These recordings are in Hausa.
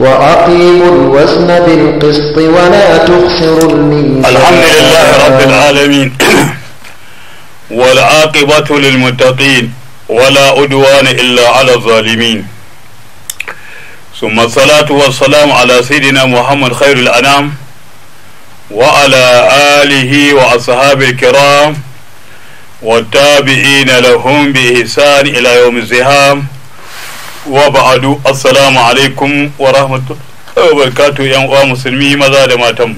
وأقيموا الوزن بالقسط ولا تخسروا الميزان الحمد لله رب العالمين والعاقبة للمتقين ولا أدوان إلا على الظالمين ثم الصلاة والسلام على سيدنا محمد خير الأنام وعلى آله وأصحابه الكرام والتابعين لهم بإحسان إلى يوم الزهام wa ba'adu assalamu alaikum wa rahmatullahi wa barakatuh yan uwa musulmi maza da matan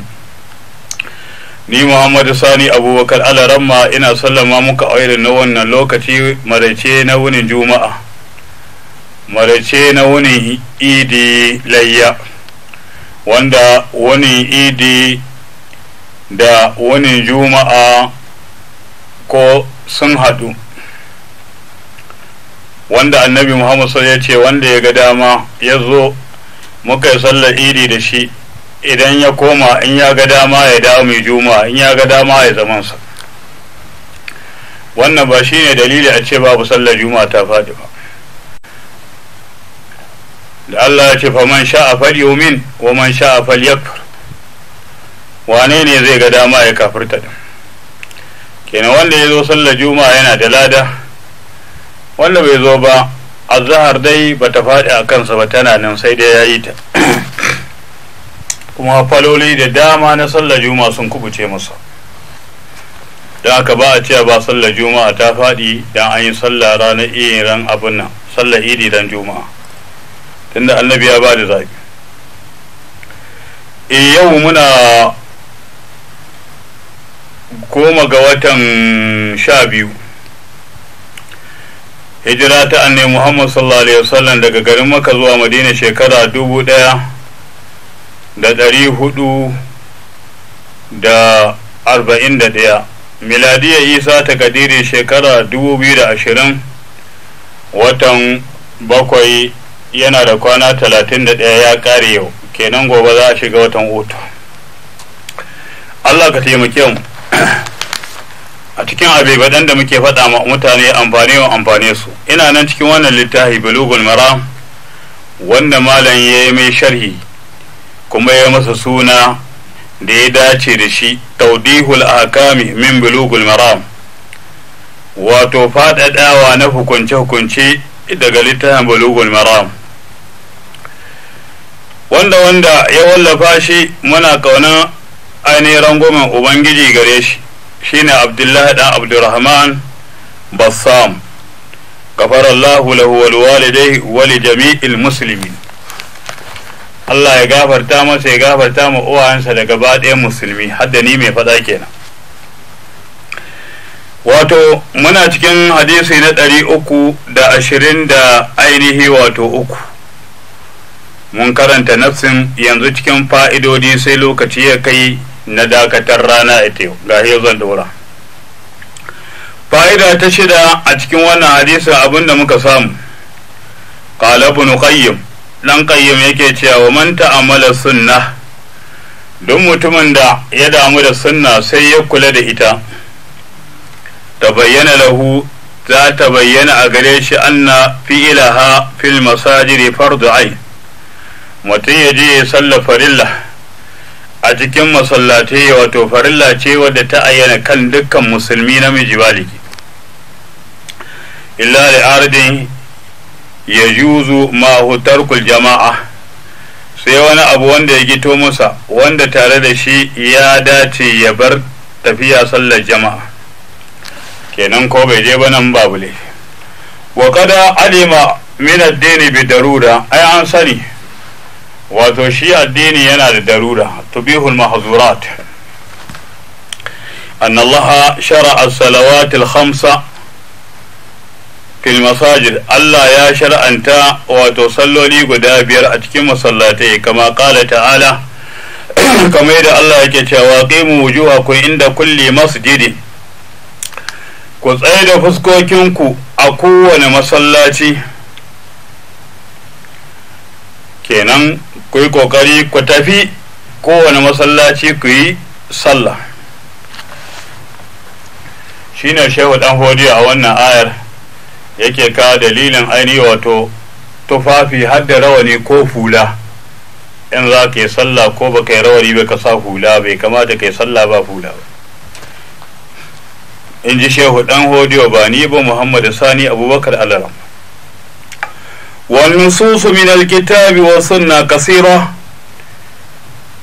ni Muhammadu Sani Abubakar Alaramma ina sallama muka aure na wannan lokaci maraice na wunin Juma'a maraice na wunin Idi Layya wanda wunin Idi da wunin Juma'a ko sun haɗu wanda annabi muhammad sai ya ce wanda ya ga dama ya zo muka yi sallar idi da shi idan ya koma in ya ga dama ya dawo mai juma in ya ga dama ya zamansa wannan ba shi ne dalili a ce babu sallar juma ta faɗi ba da Allah ya ce fa man sha'a yumin wa man sha'a yakfur wane ne zai ga dama ya kafirta din kenan wanda ya zo sallar juma yana da lada wanda bai zo ba azahar dai bata faɗi a kansa ba tana nan sai dai ya yi ta kuma faloli da dama na sallar juma'a sun kubuce masa don aka ba a cewa ba sallar juma'a ta faɗi don an yi sallah ranar iya ran abin nan sallar idi ran juma'a tunda annabi ya ba da zaɓi e yau muna goma ga watan sha biyu hijira ta annabi Muhammad sallallahu alaihi wasallam daga garin Makka zuwa Madina shekara dubu da hudu da arba'in da ɗaya miladiya isa ta kadiri shekara dubu da ashirin watan bakwai yana da kwana talatin da ɗaya ya kare yau kenan gobe za a shiga watan hutu Allah ka taimake mu a cikin abebadan da muke faɗa ma mutane amfani wa amfane su ina nan cikin wannan littafi balugul mara wanda malam ya yi mai sharhi kuma ya masa suna da ya dace da shi taudihul akami min bulugul maram wato faɗaɗawa na hukunce-hukunce daga littafin bulugul maram wanda wanda ya wallafa shi muna ƙaunar ainihin rangwamen ubangiji gare shi shine abdullahi dan abdurrahman bassam gafarallahu lahu wal walidai wal jami'il muslimin Allah ya gafarta masa ya gafarta ma uwayensa da gaba ɗayan musulmi hadda ni mai faɗa kenan wato muna cikin hadisi na ɗari uku da ashirin da ainihi wato uku mun karanta nafsin yanzu cikin fa'idodi sai lokaci ya kai na dakatar rana ita yau ga zan dora fa'ida ta shida a cikin wannan hadisin abin da muka samu qala ibn qayyim dan qayyim yake cewa man ta'amala sunna duk mutumin da ya damu da sunna sai ya kula da ita ta bayyana lahu za ta bayyana a gare shi anna fi'ilaha fil masajidi fardu ain mutum ya je ya sallah farilla a cikin masallatai wato farilla ce wadda ta ayyana kan dukkan musulmi namiji baliki illa yajuzu ya juzu mahutarkul jama'a sai wani abu wanda ya gito masa wanda tare da shi ya dace ya bar tafiya sallar jama'a kenan ko bai je ba nan babu laifi wa kada alima min addini bi darura ai an sani wato shi addini yana da darura tubihul mahzurat أن الله شرع الصلوات الخمسة في المساجد الله يا شرع أنت وتصلوا لي قدابير أتكم مصلاتي كما قال تعالى كما يدى الله يكتا واقيموا وجوهكم عند كل مسجد كتأيد فسكوكينكو أكون مصلاتي kenan ku yi ƙoƙari ku tafi kowane masallaci ku yi sallah shine shehu dan hodi a wannan ayar yake ka dalilin ainihi wato tufafi har da rawani ko hula in za ka yi sallah ko ba ka yi rawani ba ka sa hula bai kamata ka yi sallah ba hula ba in ji shehu dan hodiyo ba ni ba muhammadu sani abubakar alaram والنصوص من الكتاب والسنة كثيرة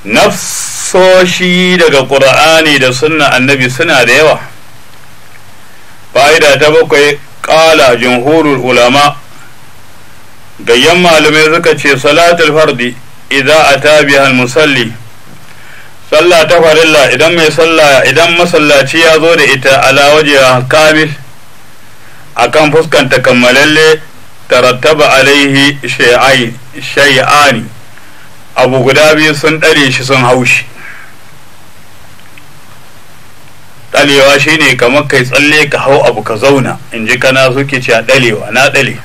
nafsoshi daga ƙur'ani da sunna annabi suna da yawa fa'ida ta bakwai ƙala jumhurul ulama gayyan malamai suka ce salatul fardi idza ata biha musalli sallah ta farilla idan mai sallah idan masallaci ya zo da ita ala waje kamil akan fuskanta kammalalle tarattaba alaihi shay'ani abu guda biyu sun ɗare shi sun haushi ɗalewa shine kamar kai tsalle ka hau abu ka zauna in ji kana suke ce a ɗalewa na ɗale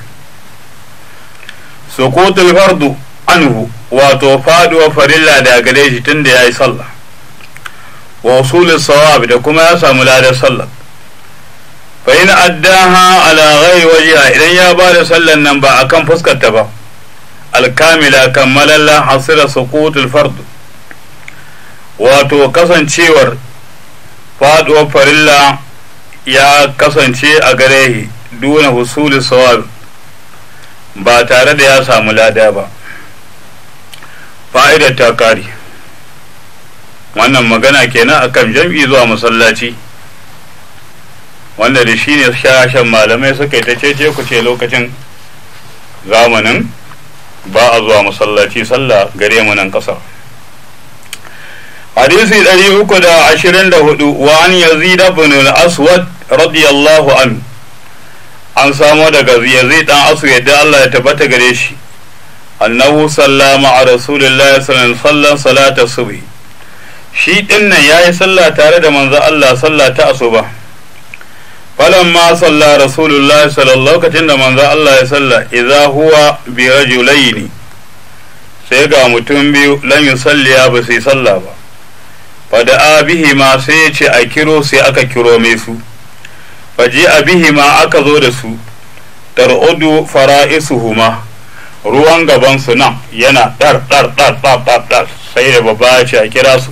sukutul fardu anhu wato faduwa farilla da gare shi tun da ya yi sallah wa usulul sawab da kuma ya samu ladar sallah fa in addaha ala ghairi wajha idan ya ba da sallan nan ba akan fuskar ta ba alkamila kammalalla hasira suqutul fard wato kasancewar faduwar farilla ya kasance a gare duna husuli sawab ba tare da ya samu lada ba fa'idar ta kare wannan magana kenan akan jam'i zuwa masallaci wanda da shi ne shashen malamai suka yi ta ce ku ce lokacin zamanin ba a zuwa masallaci sallah gare mu nan kasar hadisi ɗari uku da ashirin 324 wa an yazid ibn al-aswad radiyallahu an an samo daga yazi dan asu yadda Allah ya tabbata gare shi annahu sallama a rasulullahi sallallahu alaihi wasallam salata subhi shi dinnan yayi sallah tare da manzo Allah sallah ta asuba falamma salla rasulullahi sallallahu lokacin da manza Allah ya salla iza huwa julai ne. sai ga mutum biyu lan yusalliya ba sai salla ba a bihi ma sai ya ce a kiro sai aka kiro mai su faji a bihi ma aka zo da su tar'udu fara'isuhuma ruwan gaban su nan yana dar dar dar sai da babba ya ce a kira su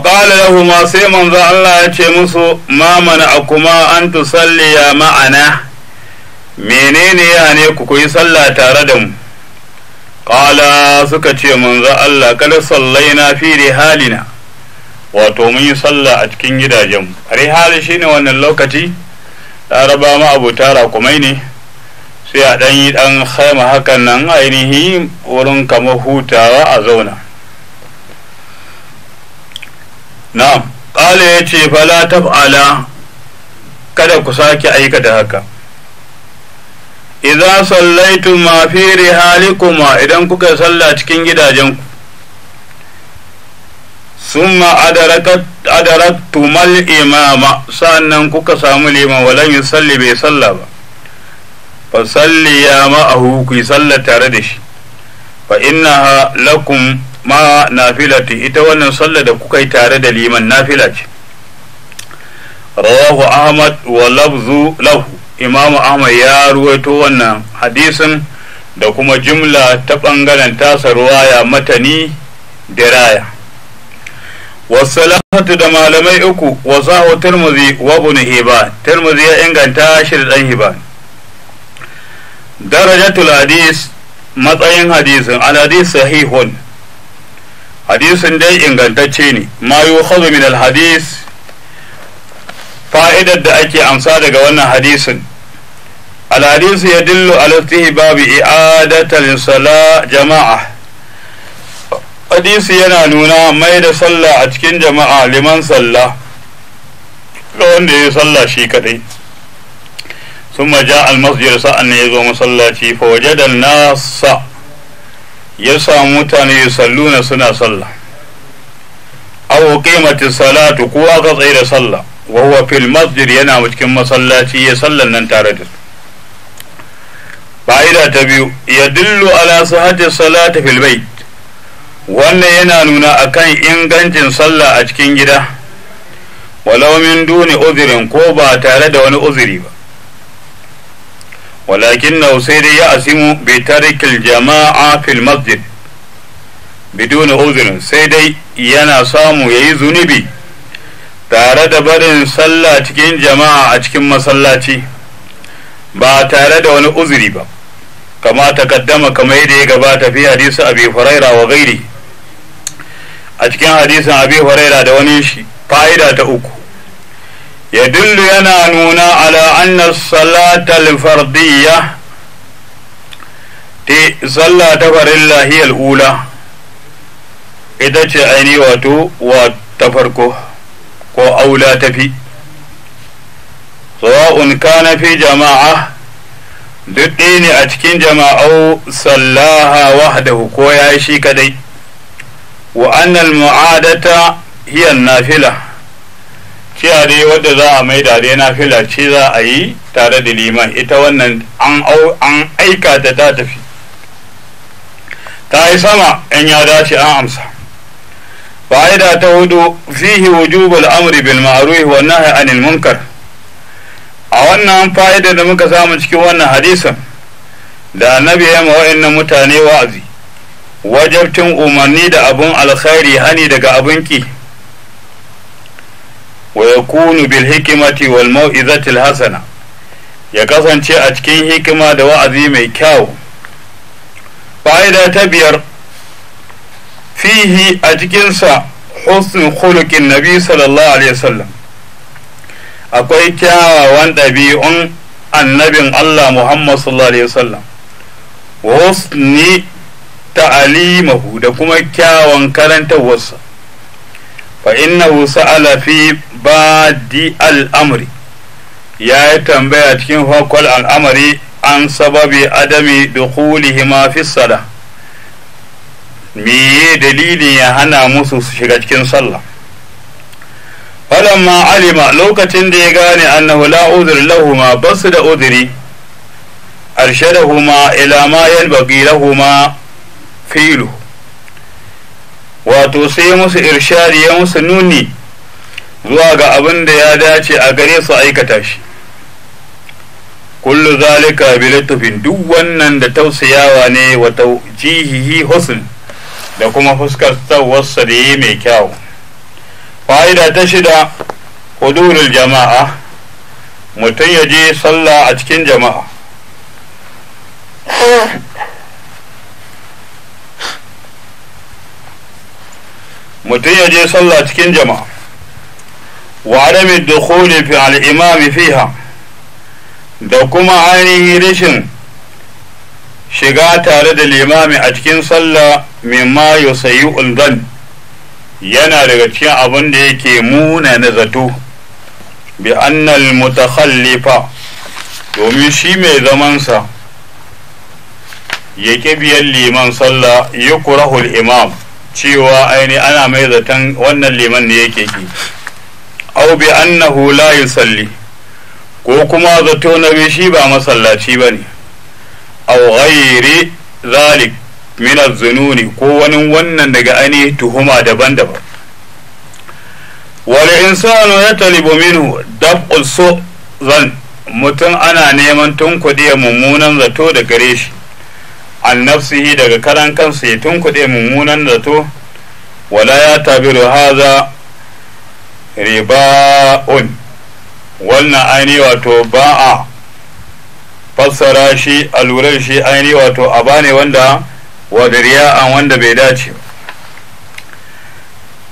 faƙala lahuma sai manza Allah ya ce musu mamana mana akuma an tusalliya ma'ana menene yane ne ku koyi sallah tare da mu ƙala suka ce manza Allah kada sallaina fi rihalina wato mun yi sallah a cikin gidajen rihali shine wannan lokaci larabama ma abota rakumai ne sai a ɗan yi ɗan haima hakan nan ainihi wurin kama hutawa a zauna na'am ya yace fala taf'ala kada ku sake aikata haka idza sallaitu ma fi rihalikuma idan kuka salla cikin gidajenku summa adaraktumal imama sannan kuka samu liman walan yusalli bai salla ba fa salli ya ma'ahu ku salla tare da shi fa innaha lakum ma nafilati ita wannan sallah da kuka yi tare da liman nafila ce rawahu ahmad wa lafzu lahu imamu ahmad ya ruwaito wannan hadisin da kuma jumla ta ɓangaren tasa ruwaya matani da raya Salatu da malamai uku wasahu turmuzi wa ibn hiba turmuzi ya inganta shi da ɗan hiba. darajatul hadis matsayin hadisin al hadis sahihun hadisin dai ingantacce ne ma yukhadhu min alhadis fa'idar da ake amsa daga wannan hadisin الحديث يدل على استهباب إعادة الصلاة jama'a حديث yana nuna mai da sallah a cikin jama'a liman sallah ga wanda ya sallah shi kadai ثم جاء المسجد sa'an ne ya zo masallaci fa wajada nasa ya samu mutane salluna suna sallah aw qimati salatu ko aka tsaye da sallah wa huwa fil masjid yana cikin masallaci ya sallan nan tare da su fa'ida ta biyu ya dillu ala sahati salati fil bait wannan yana nuna akan ingancin sallah a cikin gida walau min duni uzirin ko ba tare da wani uzuri ba walakin ولكنه سيد يأسم بترك الجماعة في المسجد بدون أذن سيد ينا سامو zunubi tare da barin sallah cikin jama'a a cikin masallaci ba tare da wani uziri ba kama kaddama kamar yadda ya gabata fi hadisin abi huraira wa gairi a cikin hadisin abi huraira da wani shi fa'ida ta uku يدل ينا نونا على أن الصلاة الفردية تي صلاة فرلا هي الأولى إذا تعيني واتو واتفركو كو أولى تفي سواء كان في جماعة دقيني أتكين جماعة صلاها وحده كو يعيشي كدي وأن المعادة هي النافلة cewa dai wadda za a da dai na fila ce za a yi tare da liman ita wannan an aika ta ta tafi ta yi sama in ya dace an amsa fa'ida ta hudu fihi wujubul amri bil ma'ruf wa nahyi anil munkar a wannan fa'ida da muka samu cikin wannan hadisin da annabi ya ma wa'annan mutane wa'azi wajabtin umarni da abun alkhairi hani daga abun ki wa yakunu bil hikimati wal mau'izatil hasana ya kasance a cikin hikima da wa'azi mai kyau fa'ida ta biyar fihi a cikinsa husnul khuluqin nabi sallallahu alaihi wasallam akwai kyawawan ɗabi'un annabin Allah Muhammad sallallahu alaihi wasallam wa husni ta'alimahu da kuma kyawan karantarwarsa fa innahu sa'ala fi badi al'amri ya yi tambaya cikin farkon al'amari an sababi adami dukhulihima fi meye dalilin ya hana musu su shiga cikin sallah ma alima lokacin da ya gane annahu la uzur lahuma basu da uzuri arshadahuma ila ma yalbaqi lahuma filu wato sai musu irshadi ya musu nuni zuwa ga abin da ya dace a gare su aikata shi kullu zalika bi latfin duk wannan da tausayawa ne wa tawjihihi husn da kuma fuskar tsawarsa da yi mai kyau fa'ida ta shida hudurul jama'a mutum ya je sallah a cikin jama'a mutum ya je sallah cikin jama'a wa adami dukhuli fi al-imam fiha da kuma ainihin rishin shiga tare da limami a cikin sallah mimma yusayi uldan yana daga cikin abin da yake muna na zato bi annal mutakhallifa domin shi mai zamansa ya ƙi biyan liman sallah ya kurahul imam cewa aini ana mai zaton wannan liman ne yake ki au bi annahu la yusalli ko kuma zato na shi ba masallaci bane au ghairi zalik min zununi ko wani wannan daga ani tuhuma daban-daban wal insanu yatalibu minhu su zan mutum ana neman tunkuɗe mummunan zato da gare shi an daga karan kansa ya tunkuɗe mummunan zato wala ya tabiru haza riba'un wannan aini wato ba'a fassara shi a lurar shi aini wato a ne wanda wadariya an wanda bai dace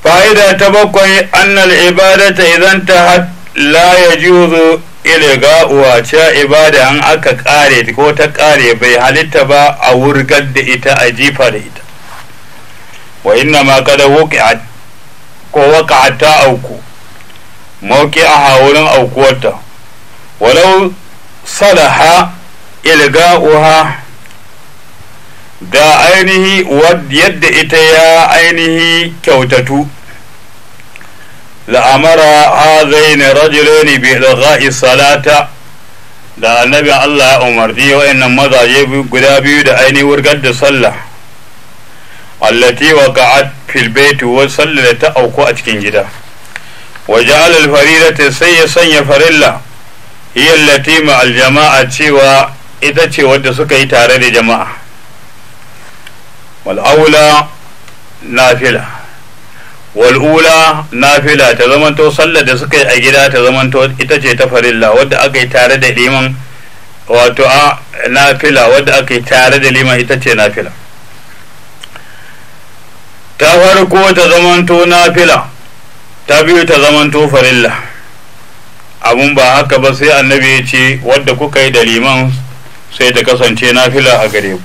fa'ida ta bakwai annal ibadata idan ta la yajuzu ilga wace ibada an aka kare ko ta kare bai halitta ba a wurgar da ita a jifa da ita wa inna ma kada wuqi'at ko waqa'at ta auku mauki a hawurin aukuwarta walau salaha ilga'uha da ainihi yadda ita ya ainihi kyautatu la'amara hazaini rajulaini bi ilgha'i salata da annabi Allah ya umarci wayannan mazaje guda biyu da ainihin wurgar da sallah allati waqa'at fil baiti wa sallar ta auku a cikin gida wa ja'ala al faridata sai ya sanya farilla hiya allati ma cewa ita ce wadda suka yi tare da jama'a Mal'aula aula nafila wal'ula nafila ta zamanto sallar da suka yi a gida ta zamanto ita ce ta farilla wadda aka yi tare da liman wato a nafila wadda aka yi tare da liman ita ce nafila ta farko ta zamanto nafila ta biyu ta zamanto farilla abun ba haka ba sai annabi ya ce wadda kuka yi da liman sai ta kasance nafila a gare ku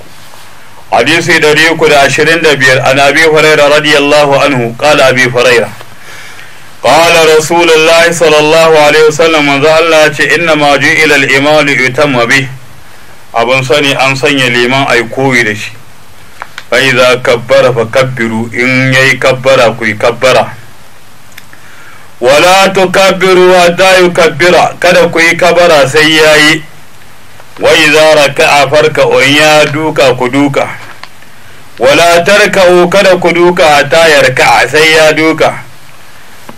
hadisi ɗari uku da ashirin da biyar an abi huraira radiyallahu anhu ƙala abi huraira ƙala rasulullahi sallallahu alaihi wasallam manzo Allah ce inna ma ju'ila al-imamu yutamma bi abun sani an sanya liman ai koyi da shi fa idza kabbara fa kabbiru in yayi kabbara ku kabbara wala tukabbiru kada ku yi kabara sai yayi wai zara a farka on ya duka ku duka wala tarka'u kada ku duka ta yarka'a sai ya duka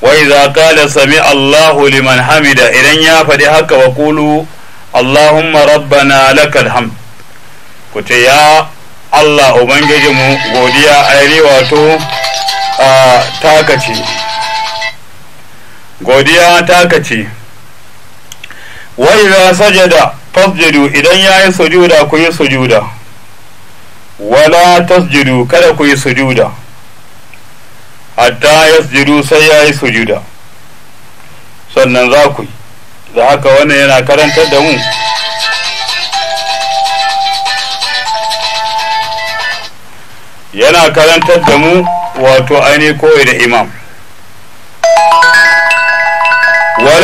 wai za kala sami Allahu liman hamida idan ya faɗi haka wa kulu Allahumma rabbana lakal hamd ku ce ya Allah Ubangijinmu godiya ainihi wato a godiya takaci wai za sajada fasjudu idan ya yi sujuda ku yi sujuda wala tasjudu kada ku yi sujuda hatta yasjudu sai ya yi sujuda sannan za ku yi da haka wannan yana karantar da mu yana karantar da mu wato ainihin kowai da imam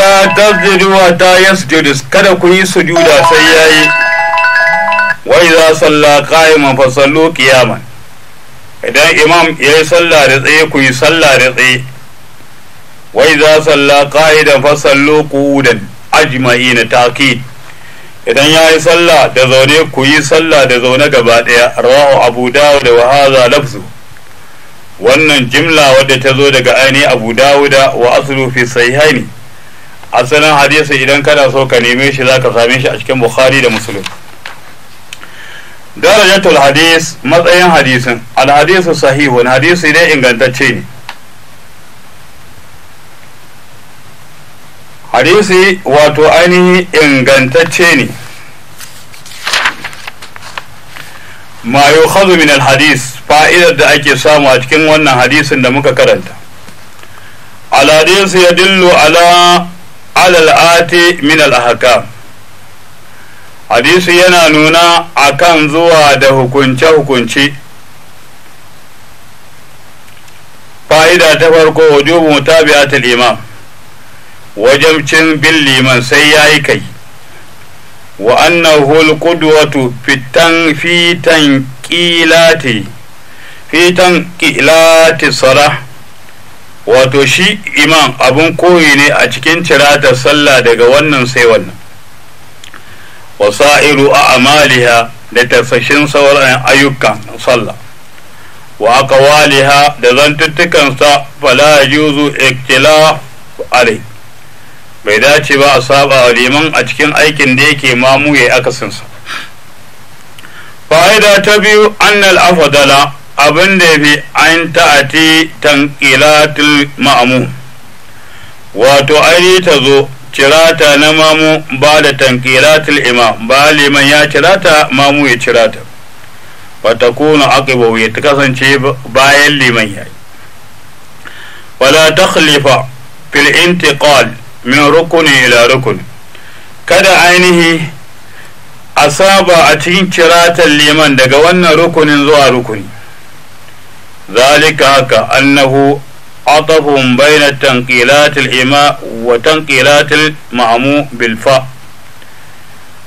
wala tasjudu hatta yasjudu kada ku yi sujuda sai yayi wa idza salla qa'iman fa sallu qiyaman idan imam yayi sallah da tsaye ku yi sallah da tsaye wa idza salla qa'idan fa sallu qudan ajma'ina ta'kid idan yayi sallah da zaune ku yi sallah da zaune gaba daya rawahu abu dawud wa hadha lafzu wannan jimla wadda ta zo daga aini abu dawuda wa aslu fi sahihaini asalin hadisi idan kana so ka neme shi zaka same shi a cikin bukhari da muslim darajatul hadis matsayin hadisin al hadisu sahihun hadisi dai ingantacce ne hadisi wato ainihi ingantacce ne ma yukhadhu min hadis fa'idar da ake samu a cikin wannan hadisin da muka karanta al hadisu yadullu ala alal ati min al hadisi yana nuna akan zuwa da hukunce hukunce fa'ida ta farko wujubu mutabi'atul imam cin bin liman sai yayi kai wa annahu al-qudwatu fitan fitan qilati fitan qilati salah wato shi imam abun koyi ne a cikin cirata sallah daga wannan sai wannan wasa'iru a amaliha da tafashin sauran ayyukan sallah wa waliha da zantuttukansa fala yuzu iktila alai bai dace ba a saba wa liman a cikin aikin da yake mamu akasin akasinsa fa'ida ta biyu annal afdala abin da ya fi an ta'ati tanqilatul ma'amu wato aini ta zo cirata na mamu ba da tanqilatul imam ba liman ya cirata mamu ya cirata wata kuna aqibahu ya ta kasance bayan liman ya yi wala khalifa fil intiqal min rukuni ila rukuni kada ainihi a saba a cikin ciratan liman daga wannan rukunin zuwa rukuni ذلك كأنه عطف بين تنقيلات الإماء وتنقيلات المعمو بالفاء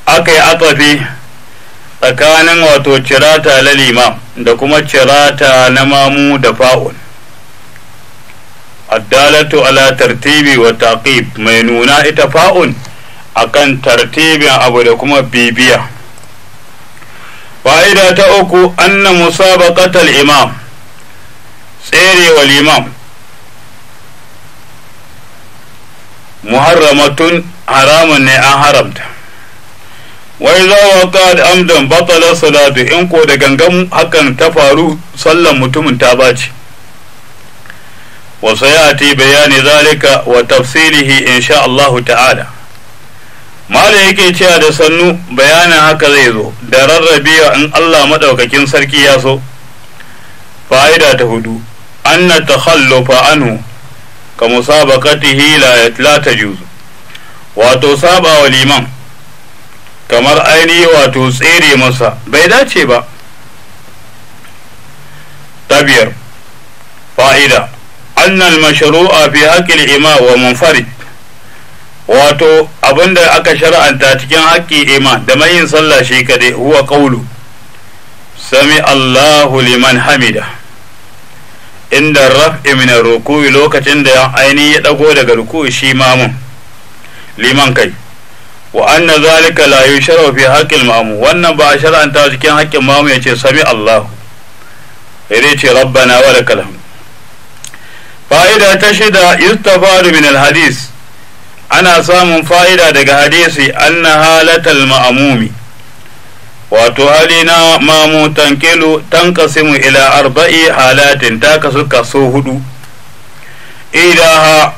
أكي عطفي tsakanin wato cirata na limam da kuma cirata na mamu da fa'un addalatu ala tartibi wa mai nuna ita fa'un akan tartibin abu da kuma bibiya fa'ida ta uku anna musabaqatal imam tserewa liman muharramatun haramun ne an haramta wai za wa kad amdan batala salatu in ko da gangan hakan ta faru sallan mutumin ta bace wa sayati bayani zalika wa tafsilihi sha Allah ta'ala Malam yake cewa da sannu bayanin haka zai zo da rarrabewa in Allah maɗaukakin sarki ya so fa'ida ta hudu أن التخلف عنه كمسابقته لا لا تجوز sabawa liman kamar ainihi wato tsere masa bai dace ba tabiyar fa'ida annal mashru'a fi haƙƙin ima wa munfarid wato abinda aka shar'anta cikin haƙƙin ima da mayin sallah shi kadai huwa ƙaulu sami Allahu liman hamida inda raf'i min ruku'i lokacin da aini ya dago daga ruku'i shi mamun liman kai wa anna zalika la yusharu fi haqqil mamu wannan ba shar'anta cikin haƙƙin mamu yace sami Allah sai ce rabbana wa lakal fa'ida ta shida yustafadu min al hadis ana samun fa'ida daga hadisi anna halatal ma'mumi wato hali na mamu tankilu tankasimu ila arba'i halatin ta kasu kaso hudu idaha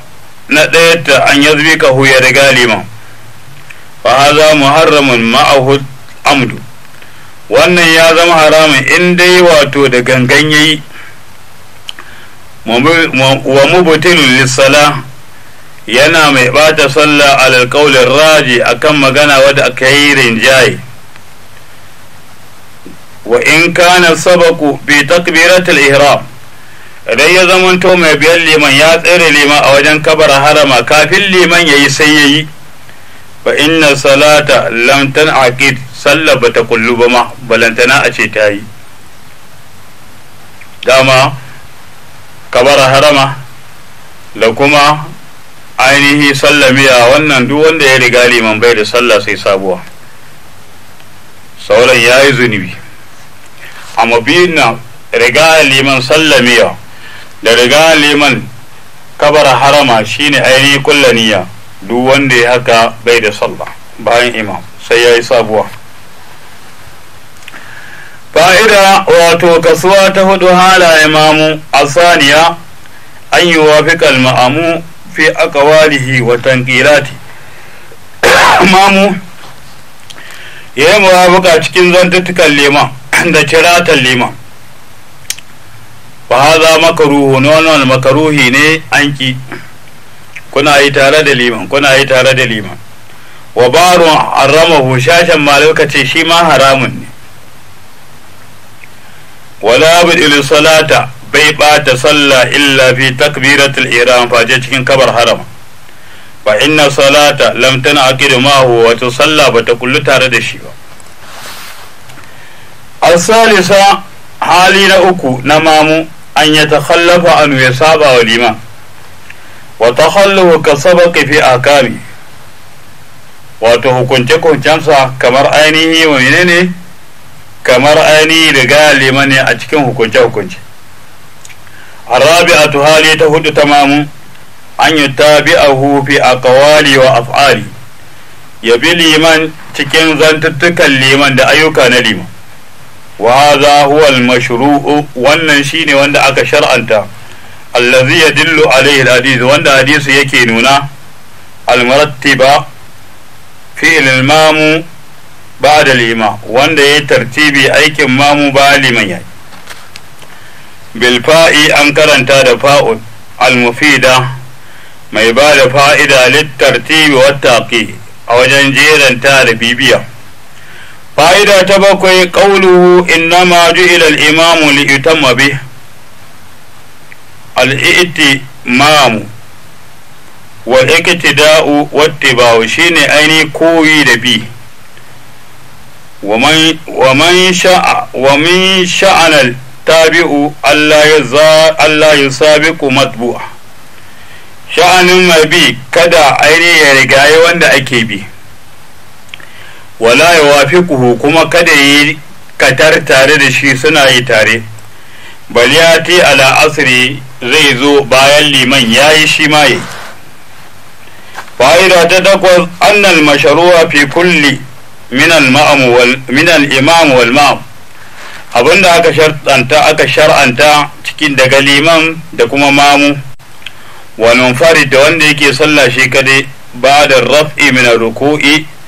na ɗaya ta an yazbi ka huya da galima fa haza muharramun ma'ahu amdu wannan ya zama haramun in dai wato da gangan yayi wa mubtilun lissala yana mai bata sallah alal qawlir raji akan magana wadda aka yi rinjaye wa in kana sabaku bi takbiratul ihram idan ya zamanto mai biyan leman ya tsere liman a wajen kabar harama kafin liman yayi sai yayi fa inna salata lam tanaqid sallah bata kullu ba ma balantana a ce ta yi dama kabar harama da kuma ainihi sallamiya wannan duk wanda ya riga leman bai da sallah sai sabuwa sauran ya yi zunubi amma nan riga liman sallamiya da riga liman kabar harama shine ainihin kullaniya duk wanda ya haka bai da sallah bayan imam sai ya yi sabuwa fa'ida wato kasuwa ta hudu halaye mamu asaniya an yi wafiƙal ma'amu fi akawalihi wa tankirati mamu ya yi cikin zantuttukan liman da kiratan liman fa haza makaruhu ne wannan makaruhi ne an ki kuna yi tare da liman kuna yi tare da liman wa barun haramahu shashen ma shi ma haramun ne wala bidil salata bai bata sallah illa fi takbiratul ihram fa cikin kabar haram fa inna salata lam tan'aqidu ma huwa wata sallah bata kullu tare da shi ba asalisa hali na uku na mamu an ya takhallafa an ya saba wa liman wa takhallufu ka sabaqi fi akami wato hukunce hukuncensa kamar ainihi wa ne kamar ainihi riga lima ne a cikin hukunce hukunce ta ta hudu mamu الرابعة هالي تهد a أن wa في ya bi liman cikin zantuttukan liman da ayyuka na liman wa hadha huwa al-mashru'u wannan shine wanda aka shar'anta allazi yadullu alayhi al-hadith wanda hadisi yake nuna al-murattiba fi'l al-mamu ba'da al-imam wanda yayi tartibi aikin mamu ba liman yayi bil an karanta da fa'ul al mai ba da fa'ida littartibi wa a wajen jeranta da bibiya fa'ida ta bakwai ƙauluhu innama ju'ila al-imamu li yutamma bih al-i'timamu wal iktida'u wattiba'u shine aini koyi da bi wa man sha'a wa min sha'anal tabi'u Allah ya za Allah matbu'a sha'anin mai kada aini ya wanda ake bi wala ya wafiquhu kuma kada yi katar tare da shi suna yi tare bal ya ti ala asiri zai zo bayan liman ya yi shi ma yi fa'ida ta takwas annal masharuwa fi kulli min imam wal ma'am abinda aka shar'anta aka shar'anta cikin daga liman da kuma mamu wani munfarid da wanda yake sallah shi kadai ba da raf'i min ruku'i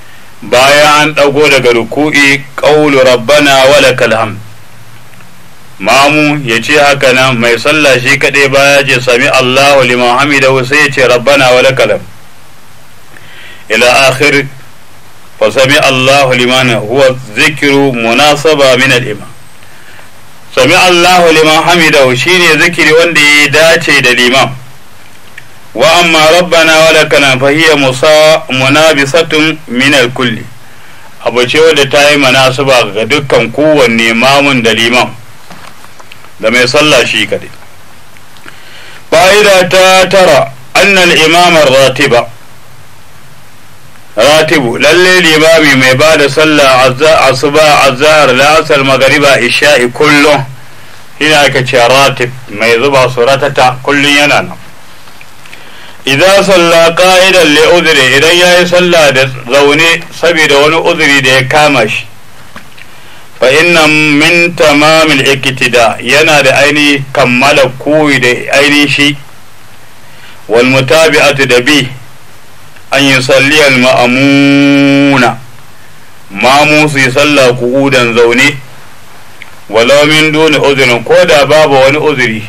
baya an ɗago daga ruku'i ƙaulu rabbana walakal hamd mamu ya ce haka nan mai sallah shi kaɗai baya ce sami Allahu liman hamidahu sai ya ce rabbana walakal hamd ila akhir fa sami Allahu liman huwa zikru munasaba min al-imam sami Allahu liman hamidahu shine zikiri wanda ya dace da liman wa amma rabbana wala kana fahiya musa munabisatun min al-kulli abu ce wadda ta yi manasuba ga dukkan kowanne mamun da liman da mai sallah shi kadai fa'ida ta tara annal imamar ratiba ratibu lalle limami mai ba da sallah asuba azhar la'asar magariba isha'i kullum ina ka ce ratib mai zuba suratata kullum yana nan iza salla qa'idan li udhri idan yayi sallah da zaune saboda wani uzuri da ya kama shi fa inna min yana da aini kammala koyi da aini shi wal mutabi'atu da bi an yusalli al ma'amuna mamu su yi sallah ku'udan zaune walau min duni uzurin ko da babu wani uzuri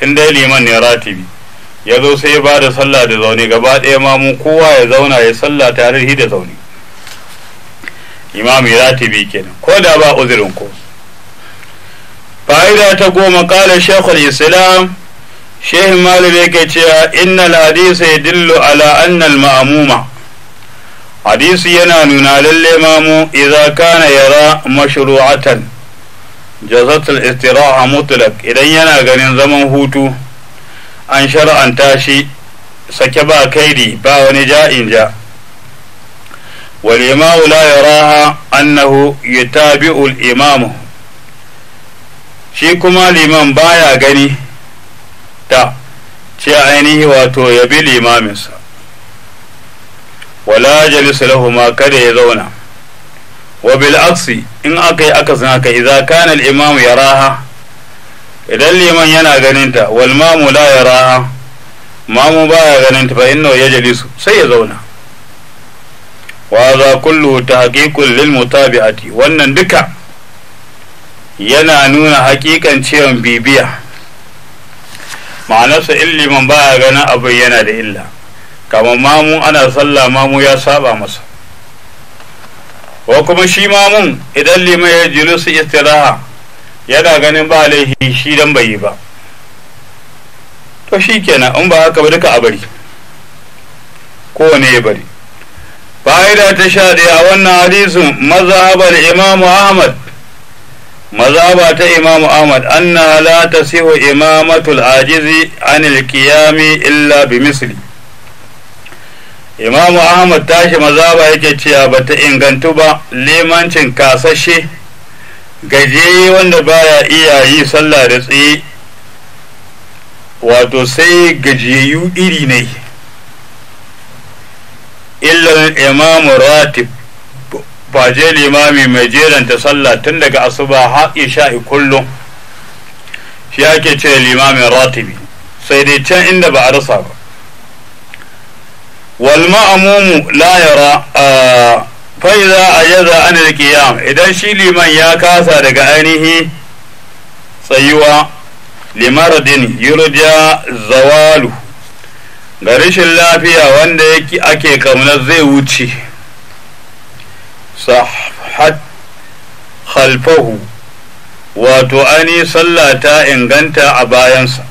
in dai liman ne ratibi ya zo sai ya ba sallah da zaune gaba ɗaya ma mun kowa ya zauna ya sallah tare da zaune imam ratibi kenan ko da ba uzurin ko fa'ida ta goma kala shekul islam shehu malu yake cewa innal hadisa ya dillu ala annal ma'amuma hadisi yana nuna lalle mamu idza kana yara mashru'atan jazatul istiraha mutlaq idan yana ganin zaman hutu an shar'anta shi sake ba kaidi ba wani ja'in ja والإمام لا يراها أنه يتابع imamu shi kuma liman baya gani ta ce ainihi wato ya bi limaminsa wala jalisa ma kada ya zauna wa bil aksi in aka yi aka zina ka idza kana al imam yaraha idan liman yana ganinta wal mamu la yara mamu baya ganinta fa innahu yajlisu sai ya zauna wa za kullu tahqiqun lil mutabi'ati wannan duka yana nuna hakikan ciwon bibiya ma'anarsa in liman baya ganin abu yana da illa kamar mamu ana sallah mamu ya saba masa wa kuma shi mamun idan liman ya jilusu istiraha yana ganin ba laihi shi dan bai yi ba to shi kenan in ba haka ba duka a bari ko ne ya bari fa'ida ta sha a wannan hadisin mazhabar imamu ahmad mazhaba ta imamu ahmad anna la tasihu imamatul ajizi anil qiyami illa bi misli imamu ahmad tashi mazhaba yake cewa bata ingantu ba limancin kasashe gaje wanda baya iya yi sallah da tsaye wato sai gajiyayyu iri ne illar imamu ratib ba limami mai jeranta sallah tun daga asuba har isha'i kullum shi ake ce limamin ratibi sai dai can inda ba a rasa ba wal ma'amumu la yara ah, fa'iza a jaza anil qiyam idan shi liman ya kasa daga ainihi tsayuwa limaradin yurja zawalu ga rashin lafiya wanda yake ake kamna zai wuce sahat khalfahu wato ani sallah ta inganta a bayansa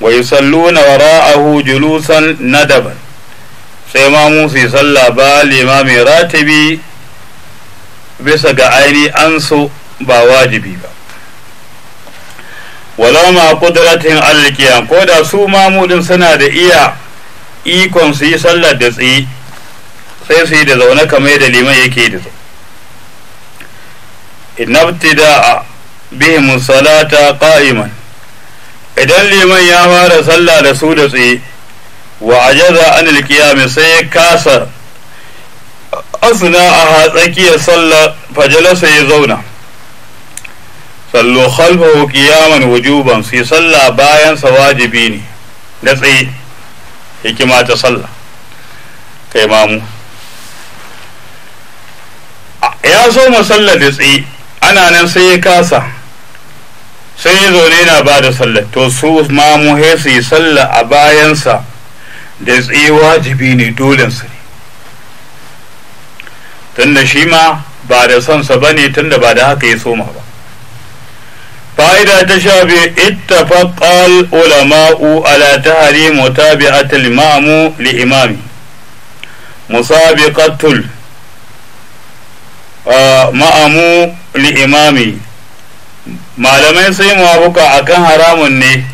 wa yusalluna wara'ahu julusan nadaban sai ma su yi sallah ba limami ratibi bisa ga aini an so ba wajibi ba walama ma kudratin alkiya ko da su mamudin suna da iya ikon su yi sallah da tsaye sai su yi da zaune kamar da liman yake da zaune bihim salata qa'iman idan liman ya fara sallah da su da tsaye wa ajaza an alqiyam sai ya kasa asna a tsakiyar sallar fajalasa ya zauna sallu khalfahu qiyaman wujuban sai salla bayan sa wajibi ne da tsaye hikima ta salla kai mamu ya so masalla da tsaye ana nan sai ya kasa sai ya zaune yana ba da sallar to su mamu sai su yi sallah a bayansa da tsaye wajibi ne dolensa ne tunda shi ma ba da sonsa ba ne tunda ba da haka ya soma ba fa'ida ta shafe biyu ittafaqal ulama'u ala tahrim mutabi'at al-imamu li imami musabiqatul ma'amu li imami malamai sai muwafuka akan haramun ne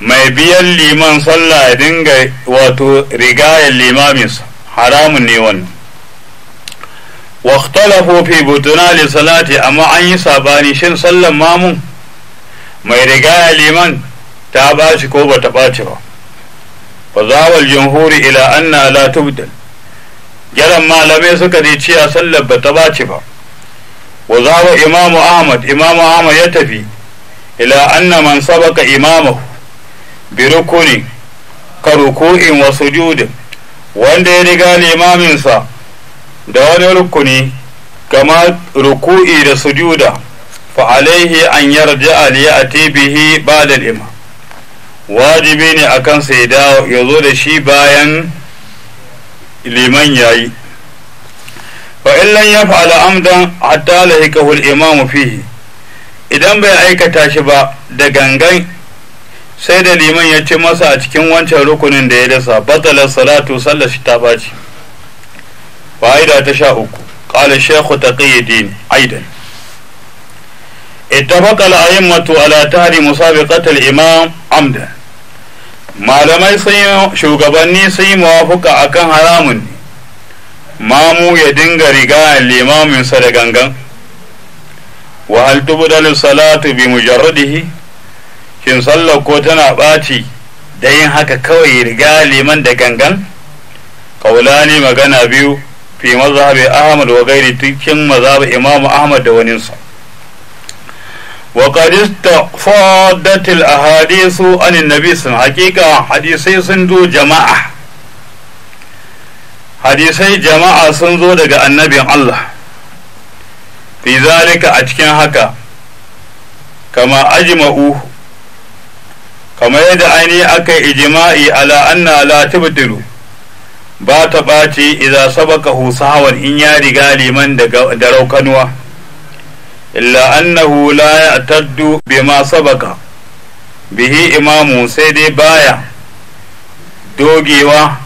mai biyan liman sallah ya dinga wato rigayar limamis haramun ne wannan waktalafo fi butuna salati amma an yi sabani shin sallan mamun mai rigayar liman ta bashi ko ba ta ɓaci ba fa zawal jamhuri ila anna la tubdal gyaran malamai suka ce cewa sallar ba ta ɓaci ba wa zawa imamu ahmad imamu ahmad ya tafi ila anna man sabaka imamahu birukuni ka ruku'in wasu wanda ya riga limaminsa da wani rukuni kama ruku'i da sujuda fa alaihi an yarja aliya a bihi ba'da al-imam wajibi ne akan sai da ya zo da shi bayan liman yayi fa in lan yaf'ala amdan hatta lahikahu al-imam fihi idan bai aikata shi ba da gangan sai da liman ya ce masa a cikin wancan rukunin da ya dasa batalar salatu sallar shi ta baci fa'ida ta sha uku qala shaykhu taqiyuddin aidan اتفق الأئمة على تحريم مسابقة Imam Amda. malamai sun shugabanni sun yi mawafuka akan haramun ne mamu ya dinga riga limaminsa da gangan wa hal tubdalu salatu bi mujarradihi shin sallar ko tana ɓaci da yin haka kawai riga liman da gangan kaulani magana biyu fi mazhabi ahmad wa gairi cikin mazhabi imam ahmad da waninsa wa qad istafaddat al ahadithu an annabi sun haqiqa hadisai sun zo jama'a hadisai jama'a sun zo daga annabin Allah fi zalika a cikin haka kama ajma'u kamar yadda ainihi aka yi ijima'i ala anna la tubdilu ba ta ɓaci idan sabaka husawan in ya riga liman da raukanuwa illa annahu la ya'taddu bima sabaka bihi imamu sai dai baya dogewa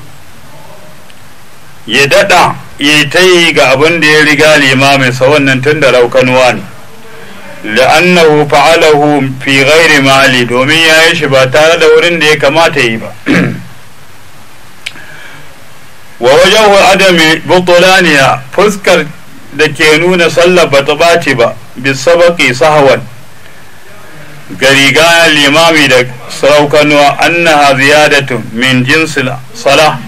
ya daɗa ya ta ga abin da ya riga limamin sa wannan tun da raukanuwa ne la'annahu fa'alahu fi ghairi mali domin ya yi shi ba tare da wurin da ya kamata yi ba wa wajahu adami butulaniya fuskar da ke nuna sallar ba ta ba ba bisabaki sahawan gariga limami da saraukanuwa annaha ziyadatun min jinsil salah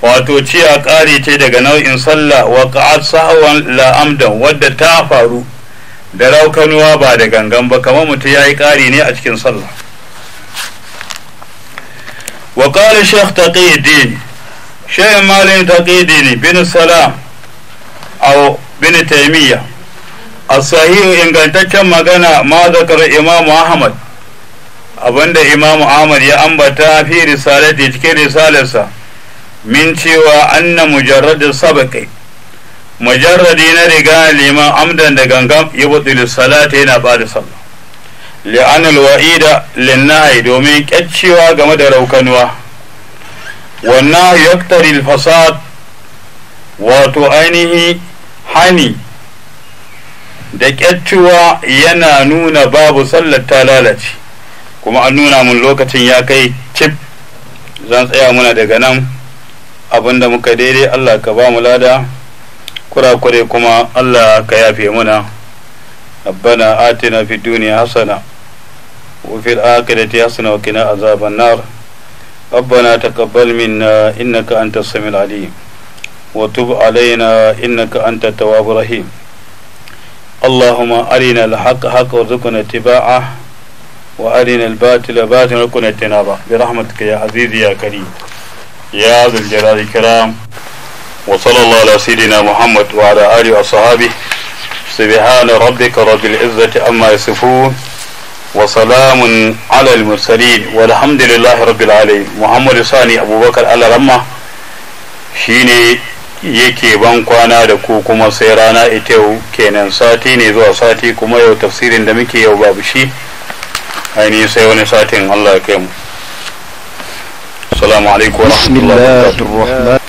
wato ci a ce daga nau'in sallah wa ka'ad sahawan la'amdan wadda ta faru da raukanuwa ba da gangan ba kamar mutum ya yi ƙari ne a cikin sallah wa ƙari shekh taqiddin shekh malin taqiddin bin salam aw bin taimiyya a sahihu ingantaccen magana ma zakar imam ahmad abinda imam ahmad ya ambata fi risalati cikin risalarsa min cewa anna mujarrad sabaqi mujarradi na riga liman amdan da gangan ya butulu salata yana ba da sallah li'anul wa'ida linnahi domin kyaccewa game da raukanuwa wannan yaktari fasad wato ainihi hani da kyaccewa yana nuna babu sallar ta lalace kuma an nuna mun lokacin ya kai cif zan tsaya muna daga nan abinda muka daidai allah ka ba mu lada kurakure kuma Allah ka yafe muna rabbana atina fid dunya hasana wa fil akhirati hasana wa qina azaban nar ربنا تقبل منا إنك أنت السميع العليم وتب علينا إنك أنت التواب الرحيم اللهم أرنا الحق حق وارزقنا اتباعه وأرنا الباطل باطلا وارزقنا اجتنابه برحمتك يا عزيزي يا كريم يا ذا الجلال الكرام وصلى الله على سيدنا محمد وعلى آله وصحابه سبحان ربك رب العزة أما يصفون وسلام على المرسلين والحمد لله رب العالمين محمد sani abubakar alarama shine yake ban kwana da ku kuma sai rana ita kenan sati ne zuwa sati kuma yau tafsirin da muke yau babu shi ainihin sai wani satin allah ya kai mu assalamu alaikum wa rahmatullahi